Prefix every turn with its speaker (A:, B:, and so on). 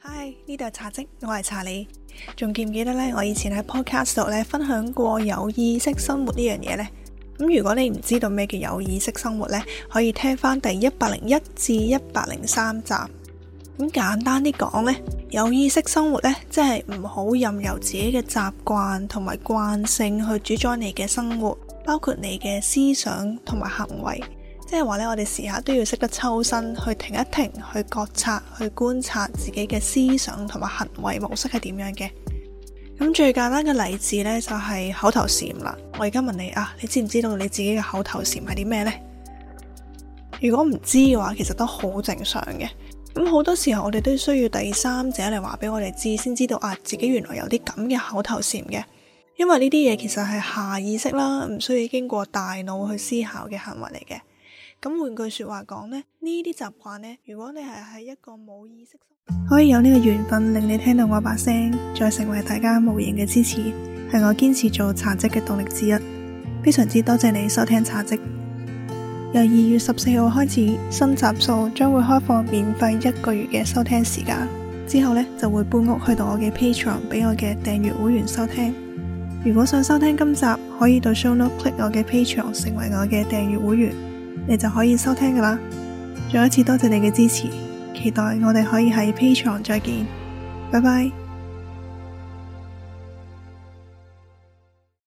A: 嗨，呢度係茶嘖，我係查理。仲記唔記得呢？我以前喺 podcast 度咧分享過有意識生活呢樣嘢呢？咁如果你唔知道咩叫有意識生活呢，可以聽返第一百零一至一百零三集。咁簡單啲講呢，有意識生活呢，即係唔好任由自己嘅習慣同埋慣性去主宰你嘅生活，包括你嘅思想同埋行為。即係話咧，我哋時下都要識得抽身去停一停，去覺察、去觀察自己嘅思想同埋行為模式係點樣嘅。咁最簡單嘅例子呢，就係口頭禪啦。我而家問你啊，你知唔知道你自己嘅口頭禪係啲咩呢？如果唔知嘅話，其實都好正常嘅。咁好多時候我哋都需要第三者嚟話俾我哋知，先知道啊，自己原來有啲咁嘅口頭禪嘅。因為呢啲嘢其實係下意識啦，唔需要經過大腦去思考嘅行為嚟嘅。咁換句話說話講咧，呢啲習慣呢，如果你係喺一個冇意識，可以有呢個緣分令你聽到我把聲，再成為大家無形嘅支持，係我堅持做茶職嘅動力之一。非常之多謝你收聽茶職。由二月十四號開始，新集數將會開放免費一個月嘅收聽時間，之後呢，就會搬屋去到我嘅 Patreon，俾我嘅訂閱會員收聽。如果想收聽今集，可以到 Show Note click 我嘅 Patreon，成為我嘅訂閱會員。你就可以收聽噶啦，再一次多謝你嘅支持，期待我哋可以喺 Patreon 再見，拜拜。